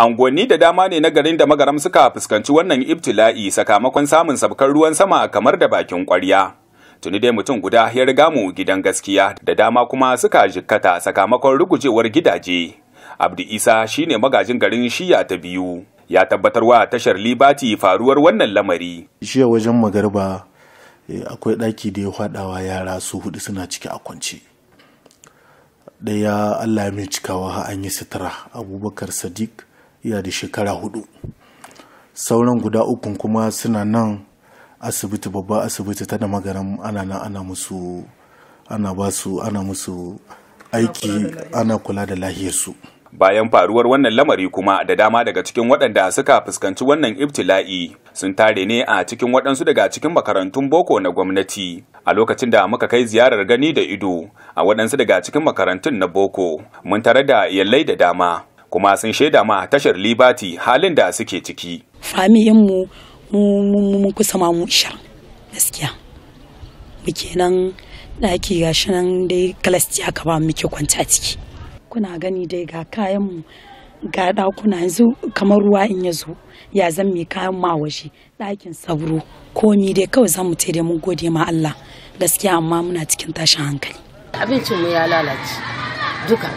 Angonni da dama ne na garin da magaram suka fuskanci wannan ibtila'i sakamakon samun sabkar ruwan sama kamar da bakin kwarya. Tuni dai mutum guda ya riga mu gidan gaskiya da dama kuma suka jikkata sakamakon rugujewar gidaje. Abdu Isa shine magajin garin shiya ta biyu. Ya tabbatar wa tashar Libati faruwar wannan lamari. Shiya wajen magarba eh, akwai ɗaki da ya faɗawa yara su hudu suna ciki a kwance. Ɗaya Allah mai cikawa an yi sutura Abubakar Sadiq ya da shekara hudu sauran guda ukun kuma suna nan asibiti babba asibiti ta da magaram ana nan ana musu ana ba su ana musu aiki ana kula da lahiyarsu bayan faruwar wannan lamari kuma da dama daga cikin waɗanda suka fuskanci wannan ibtila'i sun tare ne a cikin waɗansu daga cikin makarantun boko na gwamnati a lokacin da muka kai ziyarar gani da ido a waɗansu daga cikin makarantun na boko mun tare da yallai da dama kuma sun shaida ma tashar Liberty halin da suke ciki. mu mun kusa ma mu ishirin gaskiya. Muke nan ɗaki gashi nan dai kalasti aka ba muke kwanta ciki. Kuna gani dai ga kayanmu ga dakuna yanzu kamar ruwa in ya zo ya zan mai kayan ma waje ɗakin sauro komi dai kawai zan mu da mun gode ma Allah gaskiya amma muna cikin tashin hankali. Abincinmu ya lalace duka,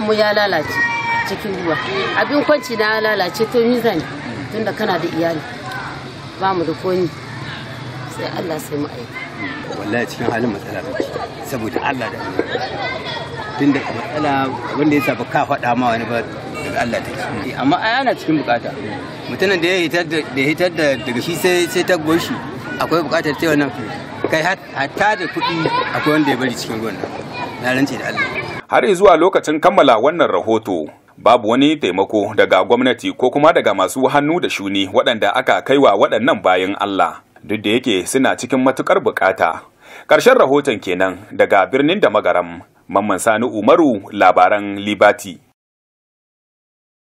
mu ya lalace cikin ruwa abin kwanci na lalace to ni zan tunda kana da iyali ba mu da koni sai Allah sai mu aiki wallahi cikin halin matsala kake saboda Allah da tunda matsala wanda ya saba ka faɗa ma wani ba daga Allah take amma ai ana cikin bukata mutumin da ya hitar da ya hitar da daga shi sai sai ta goshi akwai bukatar cewa nan kai hatta da kuɗi akwai wanda ya bari cikin gona na rance da Allah har zuwa lokacin kammala wannan rahoto babu wani taimako daga gwamnati ko kuma daga masu hannu da shuni waɗanda aka kaiwa waɗannan bayan Allah duk da yake suna cikin matukar bukata. Ƙarshen rahoton kenan daga birnin da magaram, Mamman Sani Umaru labaran Libati.